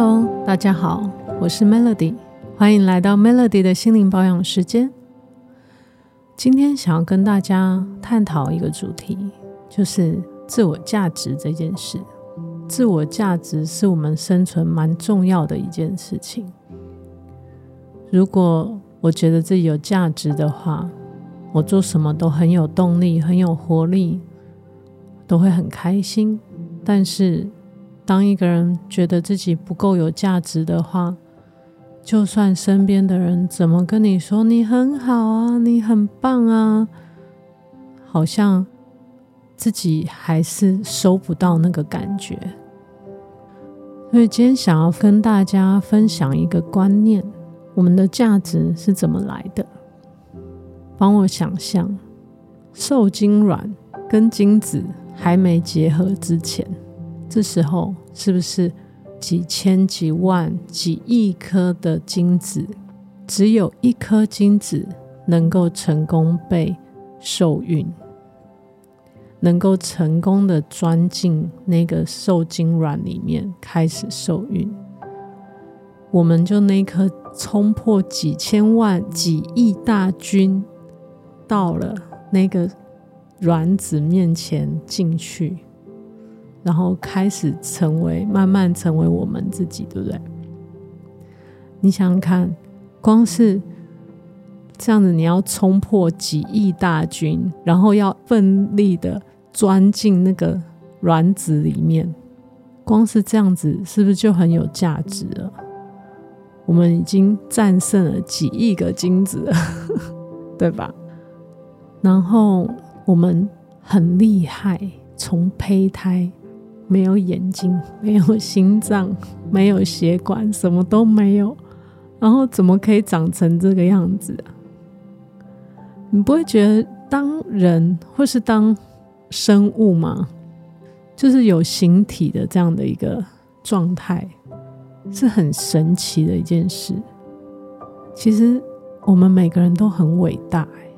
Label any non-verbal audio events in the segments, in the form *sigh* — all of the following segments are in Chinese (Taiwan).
Hello，大家好，我是 Melody，歡迎來到 Melody 的心靈保養時間。今天想要跟大家探討一個主題，就是自我價值這件事。自我價值是我們生存蠻重要的一件事情。如果我覺得自己有價值的話，我做什麼都很有動力，很有活力，都會很開心。但是，當一個人覺得自己不夠有價值的話，就算身邊的人怎麼跟你說你很好啊，你很棒啊，好像自己還是收不到那個感覺。所以今天想要跟大家分享一個觀念：我們的價值是怎麼來的？幫我想象，受精卵跟精子還沒結合之前。這時候是不是幾千、幾萬、幾億顆的精子，只有一顆精子能夠成功被受孕，能夠成功的鑽進那個受精卵裡面開始受孕，我們就那顆衝破幾千萬、幾億大軍，到了那個卵子面前進去。然後開始成為，慢慢成為我們自己，對不對？你想想看，光是這樣子，你要衝破幾億大軍，然後要奮力的鑽進那個卵子裡面，光是這樣子，是不是就很有價值了？我們已經戰勝了幾億個精子了，呵呵，對吧？然後我們很厲害，從胚胎。沒有眼睛，沒有心臟，沒有血管，什麼都沒有，然後怎麼可以長成這個樣子啊？你不會覺得當人或是當生物嗎？就是有形體的這樣的一個狀態，是很神奇的一件事。其實我們每個人都很偉大欸，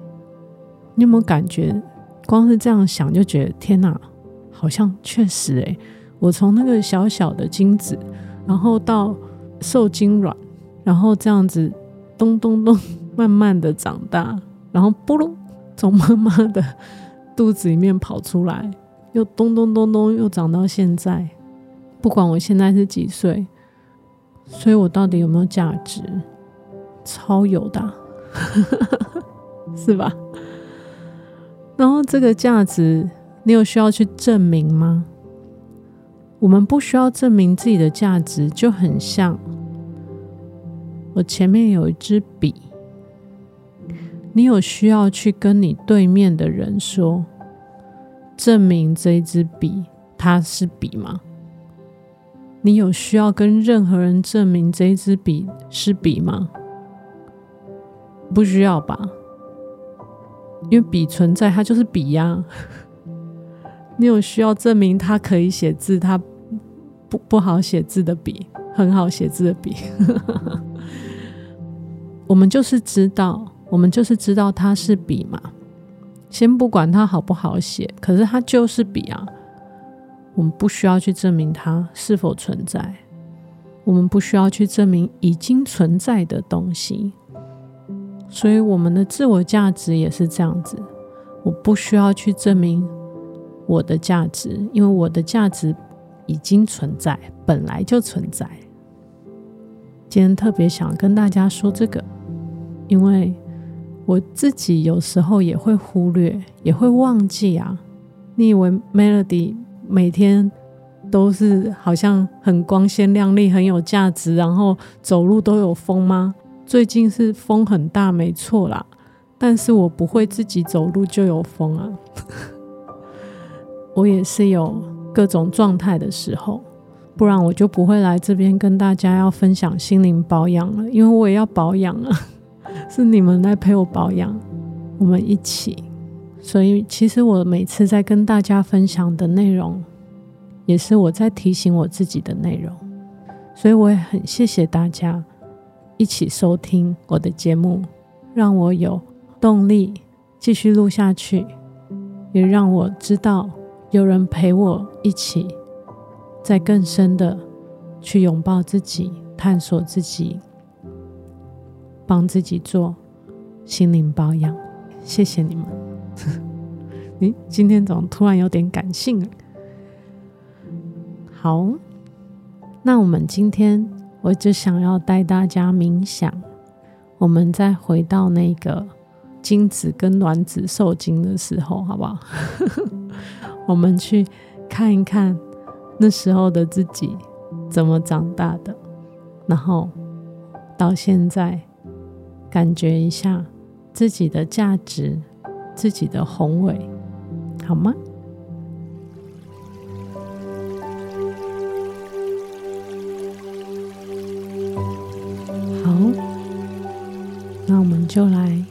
你有沒有感覺？光是這樣想就覺得天哪！好像確實哎，我從那個小小的精子，然後到受精卵，然後這樣子咚咚咚慢慢的長大，然後不嚕從媽媽的肚子裡面跑出來，又咚咚咚咚又長到現在，不管我現在是幾歲，所以我到底有沒有價值？超有的、啊， *laughs* 是吧？然後這個價值。你有需要去證明嗎？我們不需要證明自己的價值，就很像我前面有一支筆。你有需要去跟你對面的人說，證明這一支筆它是筆嗎？你有需要跟任何人證明這一支筆是筆嗎？不需要吧，因為筆存在，它就是筆呀、啊。你有需要證明他可以寫字，他不不好寫字的筆，很好寫字的筆。 *laughs* 我們就是知道，我們就是知道它是筆嘛。先不管它好不好寫，可是它就是筆啊。我們不需要去證明它是否存在，我們不需要去證明已經存在的東西。所以我們的自我價值也是這樣子，我不需要去證明。我的價值，因為我的價值已經存在，本來就存在。今天特別想跟大家說這個，因為我自己有時候也會忽略，也會忘記啊。你以為 Melody 每天都是好像很光鮮亮麗、很有價值，然後走路都有風嗎？最近是風很大，沒錯啦，但是我不會自己走路就有風啊。我也是有各種狀態的時候，不然我就不會來這邊跟大家要分享心靈保養了，因為我也要保養啊，是你們來陪我保養，我們一起。所以其實我每次在跟大家分享的內容，也是我在提醒我自己的內容。所以我也很謝謝大家一起收聽我的節目，讓我有動力繼續錄下去，也讓我知道。有人陪我一起，在更深的去擁抱自己、探索自己、幫自己做心靈保養，謝謝你們。你 *laughs* 今天怎麼突然有點感性了？好，那我們今天我就想要帶大家冥想。我們再回到那個精子跟卵子受精的時候，好不好？ *laughs* 我們去看一看那時候的自己怎麼長大的，然後到現在，感覺一下自己的價值、自己的宏偉，好嗎？好，那我們就來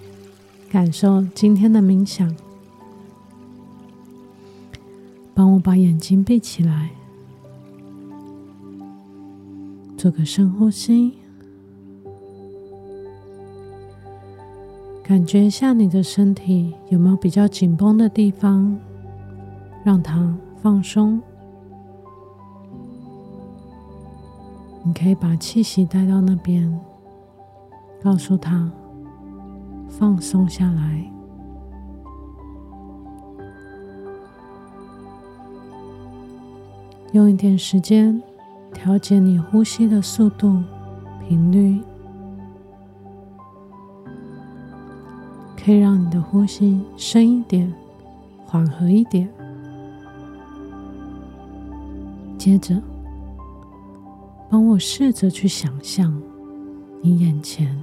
感受今天的冥想。幫我把眼睛閉起來，做個深呼吸，感覺一下你的身體有沒有比較緊繃的地方，讓它放鬆。你可以把氣息帶到那邊，告訴他放鬆下來。用一點時間調節你呼吸的速度、頻率，可以讓你的呼吸深一點、緩和一點。接着，幫我試着去想象，你眼前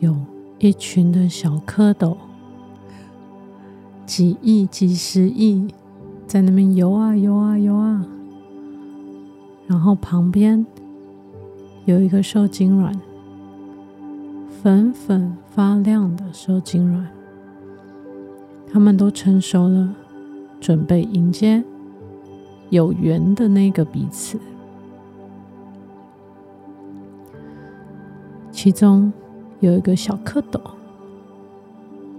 有一群的小蝌蚪，幾億、幾十億。在那邊游啊游啊游啊，然後旁邊有一個受精卵，粉粉發亮的受精卵，他們都成熟了，準備迎接有緣的那個彼此。其中有一個小蝌蚪，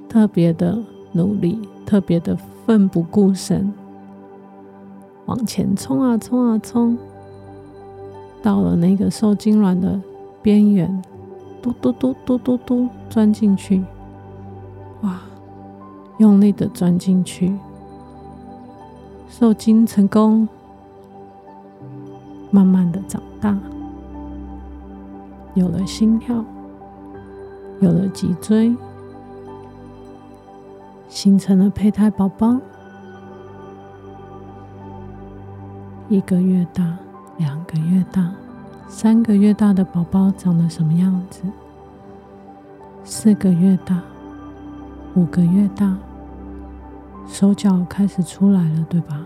特別的努力，特別的奮不顧身。往前衝啊，衝啊，衝！到了那個受精卵的邊緣，嘟嘟嘟嘟嘟嘟嘟嘟，鑽進去！哇，用力的鑽進去，受精成功，慢慢的長大，有了心跳，有了脊椎，形成了胚胎寶寶。一個月大，兩個月大，三個月大的寶寶長得什麼樣子？四個月大，五個月大，手腳開始出來了，對吧？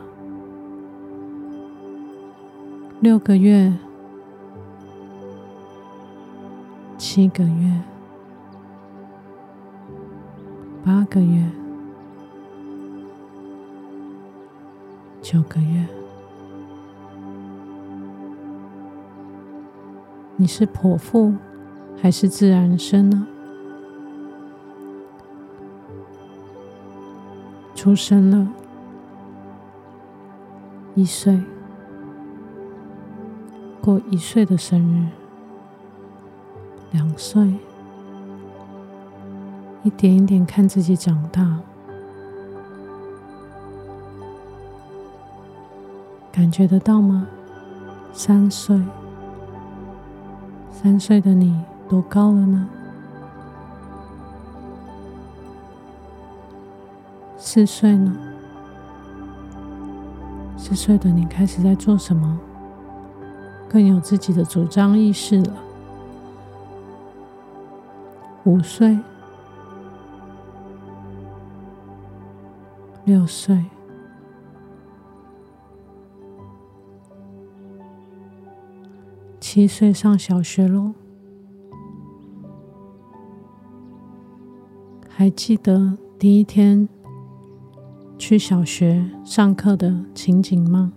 六個月，七個月，八個月，九個月。你是剖腹還是自然生呢？出生了，一歲，過一歲的生日，兩歲，一點一點看自己長大，感覺得到嗎？三歲。三歲的你多高了呢？四歲呢？四歲的你開始在做什麼？更有自己的主張意識了。五歲，六歲。七歲上小學了，還記得第一天去小學上課的情景嗎？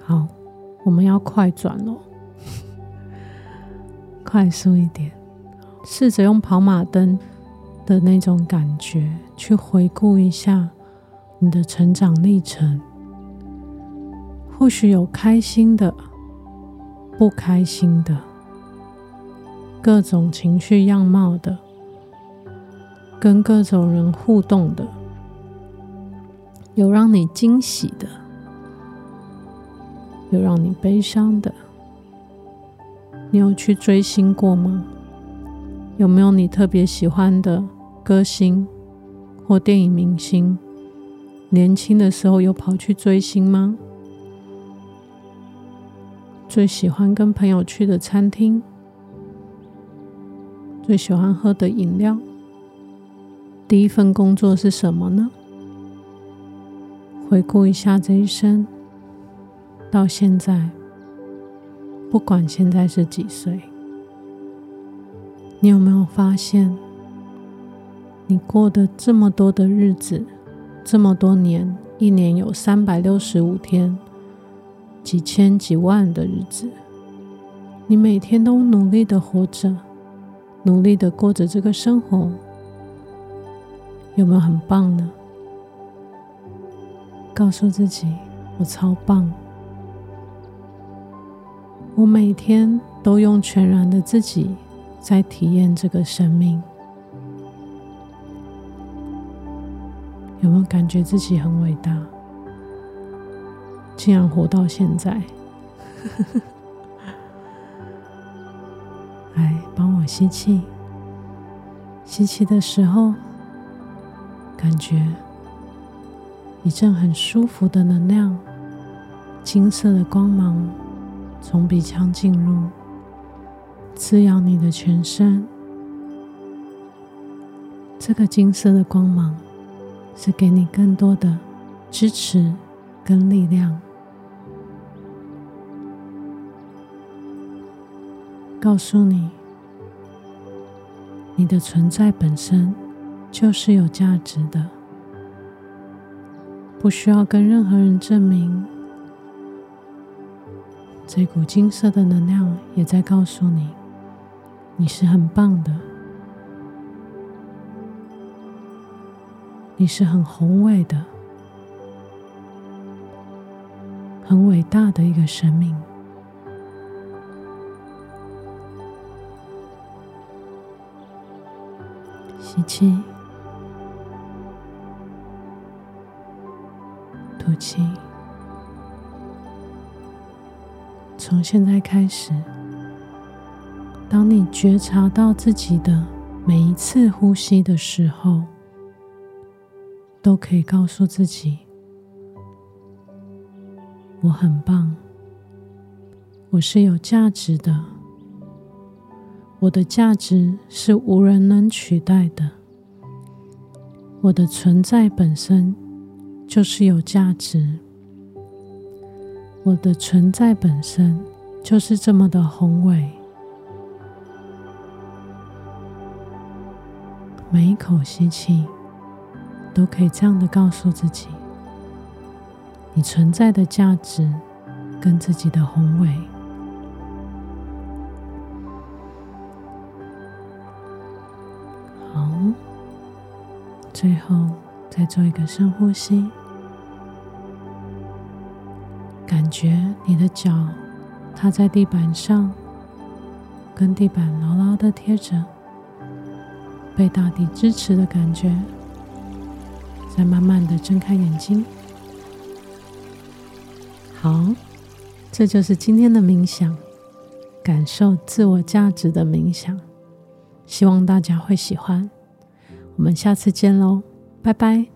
好，我們要快轉了 *laughs* 快速一點，試着用跑馬燈的那種感覺去回顧一下。你的成長歷程，或許有開心的、不開心的，各種情緒樣貌的，跟各種人互動的，有讓你驚喜的，有讓你悲傷的。你有去追星過嗎？有沒有你特別喜歡的歌星或電影明星？年輕的時候有跑去追星嗎？最喜歡跟朋友去的餐廳？最喜歡喝的飲料？第一份工作是什麼呢？回顧一下這一生，到現在，不管現在是幾歲，你有沒有發現，你過的這麼多的日子，這麼多年，一年有三百六十五天，幾千幾萬的日子，你每天都努力的活着，努力的過着這個生活，有沒有很棒呢？告訴自己，我超棒。我每天都用全然的自己在體驗這個生命。有沒有感覺自己很偉大？竟然活到現在！ *laughs* 來，幫我吸氣。吸氣的時候，感覺一陣很舒服的能量，金色的光芒從鼻腔進入，滋養你的全身。這個金色的光芒。是給你更多的支持跟力量，告訴你，你的存在本身就是有價值的，不需要跟任何人證明。這股金色的能量也在告訴你，你是很棒的。你是很宏偉的、很偉大的一個生命。吸氣，吐氣。從現在開始，當你覺察到自己的每一次呼吸的時候。都可以告訴自己，我很棒，我是有價值的，我的價值是無人能取代的，我的存在本身就是有價值，我的存在本身就是這麼的宏偉。每一口吸氣。都可以這樣的告訴自己，你存在的價值跟自己的宏偉。好，最後再做一個深呼吸，感覺你的腳踏在地板上，跟地板牢牢的貼着，被大地支持的感覺。再慢慢的睜開眼睛，好，這就是今天的冥想，感受自我價值的冥想，希望大家會喜歡，我們下次見嘍，拜拜。